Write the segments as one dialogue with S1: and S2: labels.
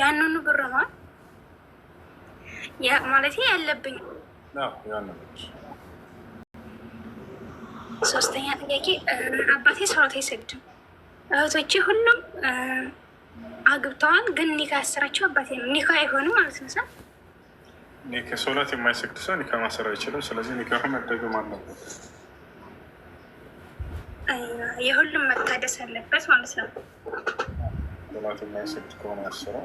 S1: ያንኑ ብር ነው ያ ማለት ያለብኝ። ሶስተኛ ጥያቄ አባቴ ሰራት አይሰግድም። እህቶቼ ሁሉም አግብተዋል፣ ግን ኒካ ያሰራቸው አባቴ ነው። ኒካ አይሆንም ማለት ነው። ሰው
S2: ኒካ ሶላት የማይሰግድ ሰው ኒካ ማሰራ አይችልም። ስለዚህ ኒካሁ መደገም አለበት፣
S1: የሁሉም መታደስ አለበት ማለት ነው።
S2: ሶላት የማይሰግድ ከሆነ ያሰረው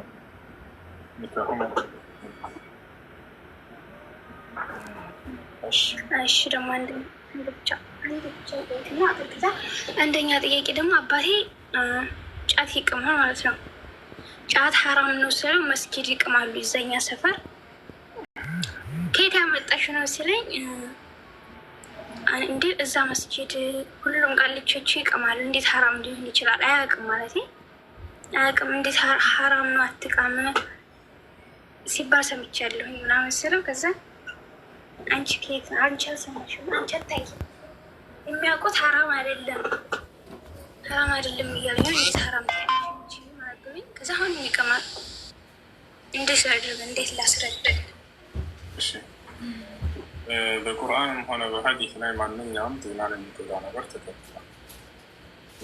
S2: ኒካሁን
S1: እሺ ደግሞ አንደኛ ጥያቄ ደግሞ አባቴ ጫት ይቅማል ማለት ነው። ጫት ሀራም ነው ስለው መስጊድ ይቅማሉ ይዘኛ ሰፈር ከየት ያመጣሽ ነው ሲለኝ እንዴ እዛ መስጊድ ሁሉም ቃልቾቹ ይቅማሉ እንዴት ሀራም ሊሆን ይችላል? አያውቅም ማለት ነው አቅም እንዴት ሀራም ነው አትቃም ሲባል ሰምቻለሁኝ ምናምን ስለው ከዛ አንቺ ከየት አንቺ አልሰማሽም አንቺ አታይ የሚያውቁት ሀራም አይደለም ሀራም አይደለም እያሉ እንዴት ሀራም ከዛ አሁን ይቀማል እንዴት ላድርግ እንዴት ላስረድግ
S2: በቁርአንም ሆነ በሀዲስ ላይ ማንኛውም ዜና የሚጎዳ ነገር ተከልክሏል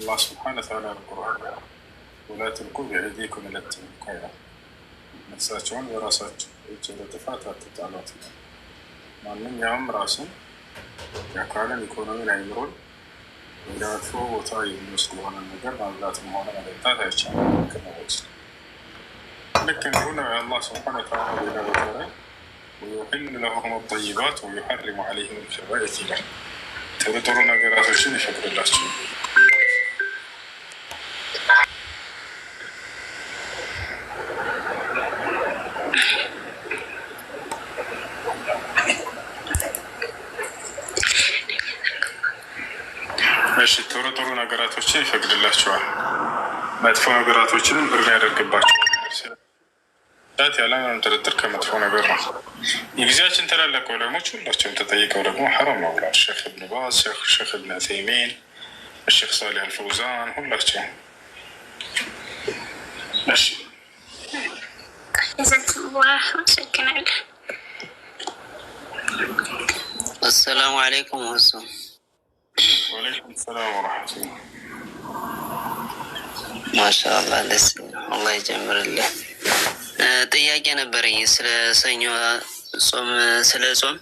S2: አላህ ስብሓነ ተዓላ ቁርአን ولا تلقوا بأيديكم إلى التهلكة ነፍሳቸውን በራሳቸው እጅ እንደ ጥፋት አትጣሏት። ማንኛውም ራሱን የአካልን፣ ኢኮኖሚን፣ አይምሮን ወደ መጥፎ ቦታ የሚወስድ የሆነ ነገር ማብላትም ሆነ መጠጣት አይቻልም። ከመወስድ ልክ እንዲሁ ነው የአላህ ስብሓነ ወተዓላ ሌላ ቦታ ላይ ወዩሕሉ ለሁም ጠይባት ወዩሐሪሙ ዓለይህም ልከባኢት ይላል። ጥሩ ጥሩ ነገራቶችን ይፈቅድላቸዋል። እሺ ጥሩ ጥሩ ነገራቶችን ይፈቅድላቸዋል፣ መጥፎ ነገራቶችንም እርም ያደርግባቸዋል። ት ያለ ምንም ጥርጥር ከመጥፎ ነገር ነው። የጊዜያችን ታላላቅ ዑለሞች ሁላቸውም ተጠይቀው ደግሞ ሐራም ነው ብሏል። ሼክ እብን ባዝ፣ ሼክ እብን ዑሰይሚን፣ ሼክ ሳሊህ አልፈውዛን ሁላቸው። እሺ
S3: አሰላሙ አለይኩም ወሱ
S2: ወአለይኩም ሰላም ወራህመቱላህ።
S3: ማሻአላህ ደስ አላህ ይጀምርልህ። ጥያቄ ነበረኝ ስለ ሰኞ ጾም ስለ ጾም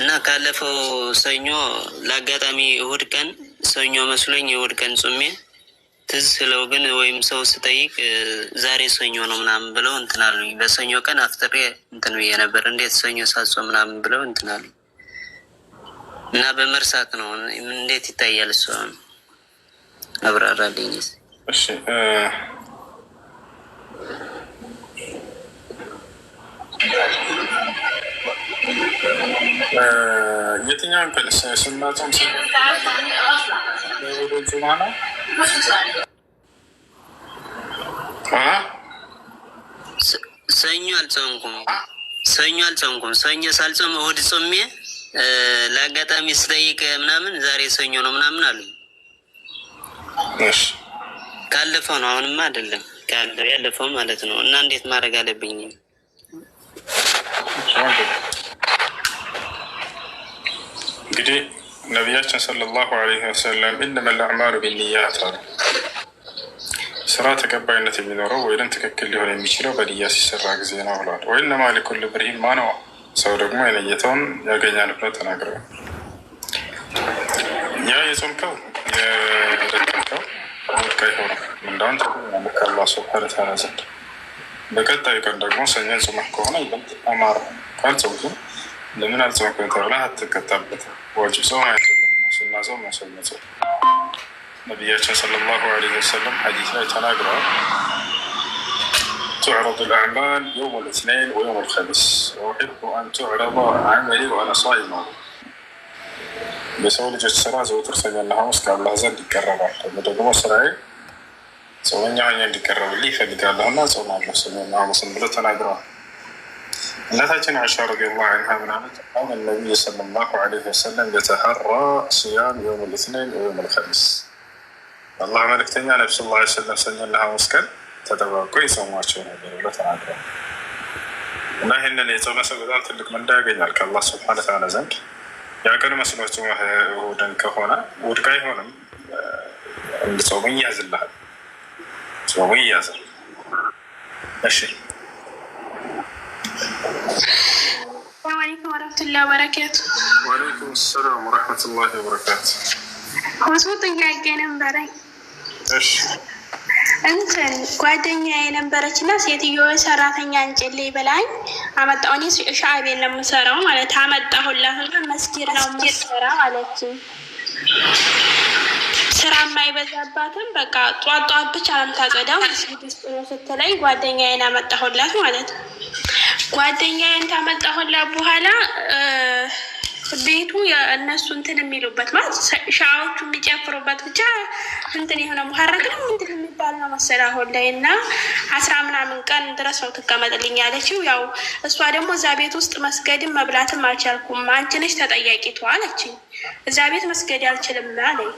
S3: እና ካለፈው ሰኞ ለአጋጣሚ እሁድ ቀን ሰኞ መስሎኝ እሁድ ቀን ጾሜ ትዝ ስለው ግን ወይም ሰው ስጠይቅ ዛሬ ሰኞ ነው ምናምን ብለው እንትናሉኝ። በሰኞ ቀን አፍጥሬ እንትን ብዬ ነበር። እንዴት ሰኞ ሳጾም ምናምን ብለው እንትናሉኝ። እና በመርሳት ነው። እንዴት ይታያል? እሱ አብራራልኝ።
S2: እሺ የትኛውን ክልስ ስናቶም ጁማ
S3: ሰኞ አልጾምኩም። ሰኞ አልጾምኩም። ሰኞ ሳልጾም እሑድ ጾሜ ለአጋጣሚ ስጠይቅ ምናምን ዛሬ ሰኞ ነው ምናምን አለ። ካለፈው ነው አሁንም አይደለም ያለፈው ማለት ነው። እና እንዴት ማድረግ አለብኝ?
S2: እንግዲህ ነቢያችን ሰለላሁ አለይሂ ወሰለም ኢነመል አዕማሉ ቢንያት አሉ። ስራ ተቀባይነት የሚኖረው ወይም ትክክል ሊሆን የሚችለው በንያ ሲሰራ ጊዜ ነው ብለዋል። ወይም ለማሊኩል ብርሂን ማነዋ ሰው ደግሞ የለየተውን ያገኛል ብለው ተናግረዋል። ያ የጾምከው የረጠምከው ወድቀ ይሆነ እንዳሁን ከአላህ ሱብሃነሁ ወተዓላ ዘንድ በቀጣዩ ቀን ደግሞ ሰኞ ጾመህ ከሆነ ይበልጥ አማራ ካልጾምክ ለምን አልጾምክም ተብለህ አትቀጣበትም። ዋጅብ ጾም አይደለም፣ ሱና ጾም መሰል መጾም ነቢያችን ሰለላሁ ዐለይሂ ወሰለም ሀዲስ ላይ ተናግረዋል። تعرض الأعمال يوم الاثنين ويوم الخميس واحب أن تعرض عملي وأنا صايم بس أولي جيت سراز وترسل أنها مسكة الله زاد يكرر أحد ما سرعي سوين يعني أن يكرر لي فدك الله ما سوى الله سوين أنها مسكة بلوت أنا أدرى لا تأتين عشار رضي الله عنها من عمد قام النبي صلى الله عليه وسلم يتحرى صيام يوم الاثنين ويوم الخميس الله عملك تنيا نفس الله عليه وسلم سنين لها مسكن ተጠባብቆ የሰሟቸው ነገር ብሎ ተናግሯል። እና ይህንን የጾመ ሰው በጣም ትልቅ ምንዳ ያገኛል ከአላህ ስብሐነ ተዓላ ዘንድ። የአገር መስሎች እሑድን ከሆነ ውድቅ አይሆንም። እንድጾሙ ይያዝልሃል፣ ጾሙ ይያዝል። እሺ
S1: ሰላም ወረህመቱላሂ ወበረካቱ።
S2: ወአለይኩም ሰላም ወረህመቱላሂ ወበረካቱ።
S1: ጥያቄ ነበረኝ። እሺ እንትን ጓደኛ የነበረች እና ሴትዮ ሰራተኛ እንጭልኝ ብላኝ አመጣሁ። እኔ ሻዕቤን ነው የምሰራው ማለት አመጣሁላት እና መስጊድ ነው የምሰራ አለች። ስራ የማይበዛባትም በቃ ጧት ጧት ብቻ ነው የምታጸዳው መስጊድ ስትለኝ ጓደኛዬን አመጣሁላት ማለት ነው። ጓደኛዬን ታመጣሁላት በኋላ ቤቱ እነሱ እንትን የሚሉበት ማለት ሻዎቹ የሚጨፍሩበት ብቻ እንትን የሆነ ሙሀረግ ነው እንትን የሚባል ነው መሰለህ አሁን ላይ እና አስራ ምናምን ቀን ድረስ ነው ትቀመጥልኝ ያለችው። ያው እሷ ደግሞ እዛ ቤት ውስጥ መስገድም መብላትም አልቻልኩም፣ አንቺ ነሽ ተጠያቂ ተው አለችኝ። እዛ ቤት መስገድ አልችልም አለኝ።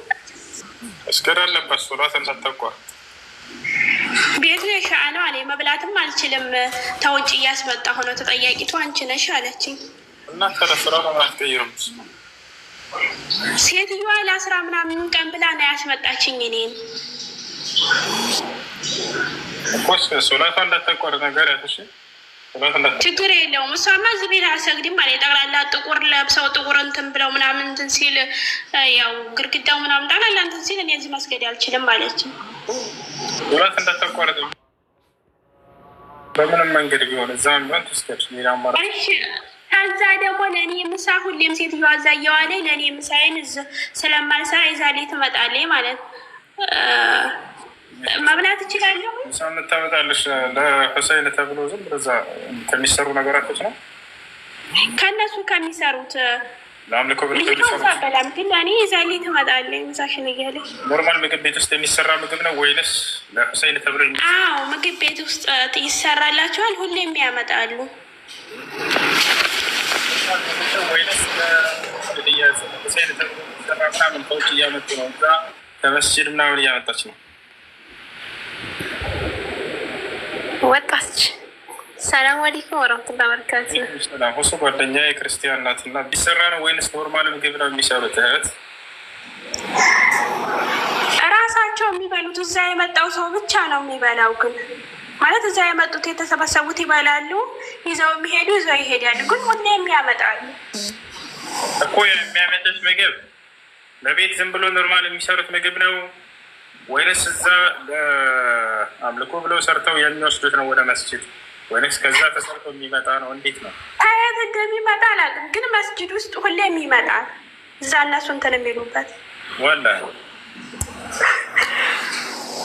S2: መስገድ አለበት ሱላት እንዳታቋል
S1: ቤቱ የሻአ ነው አለኝ። መብላትም አልችልም ተውጭ እያስመጣ ሆነ ተጠያቂቱ አንቺ ነሽ አለችኝ።
S2: እና ከረፍራ አትቀይርም።
S1: ሴትዮዋ ለአስራ ምናምን ቀን ብላ ነው ያስመጣችኝ። እኔም
S2: እኮስ ሶላቷ እንዳታቋርጥ ነገር ያተሽ
S1: ችግር የለውም። እሷማ እዚህ ቤት አሰግድም አለ ጠቅላላ ጥቁር ለብሰው ጥቁር እንትን ብለው ምናምን እንትን ሲል ያው ግድግዳው ምናምን ጠቅላላ እንትን ሲል እኔ እዚህ መስገድ አልችልም አለች።
S2: ሶላት እንዳታቋርጥ በምንም መንገድ ቢሆን እዛ ቢሆን ትስገድ ሌላ አማራ
S1: ከዛ ደግሞ ለእኔ የምሳ ሁሌም ሴትዮዋ እዛ እየዋለኝ ለእኔ ምሳዬን ስለማልሰራ ይዛሌ ትመጣለች ማለት መብላት እችላለሁ።
S2: ምሳ የምታመጣለች ለሁሴን ተብሎ ዝም ብሎ ከሚሰሩ ነገራቶች ነው
S1: ከእነሱ ከሚሰሩት ለአምልኮ በላም ግን እኔ ይዛሌ ትመጣለች ምሳሽን እያለች
S2: ኖርማል ምግብ ቤት ውስጥ የሚሰራ ምግብ ነው ወይንስ ለሁሰይን ተብሎ?
S1: አዎ ምግብ ቤት ውስጥ ይሰራላቸዋል። ሁሌም ያመጣሉ።
S2: ሰዎች እያመጡ ነው። እዛ ከመስጅድ ምናምን እያመጣች ነው።
S1: ወጣች። ሰላም አለይኩም ወረመቱላ በረካቱ።
S2: እሱ ጓደኛ የክርስቲያን ናት እና ቢሰራ ነው ወይንስ ኖርማል ምግብ ነው የሚሰሩት? እህት
S1: እራሳቸው የሚበሉት እዛ የመጣው ሰው ብቻ ነው የሚበላው። ግን ማለት እዛ የመጡት የተሰበሰቡት ይበላሉ ይዘው የሚሄዱ ይዘው ይሄዳሉ። ግን ሁሌ የሚያመጣሉ
S2: እኮ የሚያመጡት ምግብ በቤት ዝም ብሎ ኖርማል የሚሰሩት ምግብ ነው ወይንስ እዛ አምልኮ ብለው ሰርተው የሚወስዱት ነው ወደ መስጅድ ወይንስ ከዛ ተሰርቶ የሚመጣ ነው? እንዴት ነው?
S1: አያት እንደሚመጣ አላውቅም፣ ግን መስጅድ ውስጥ ሁሌ የሚመጣል እዛ እነሱ እንትን የሚሉበት
S2: ወላሂ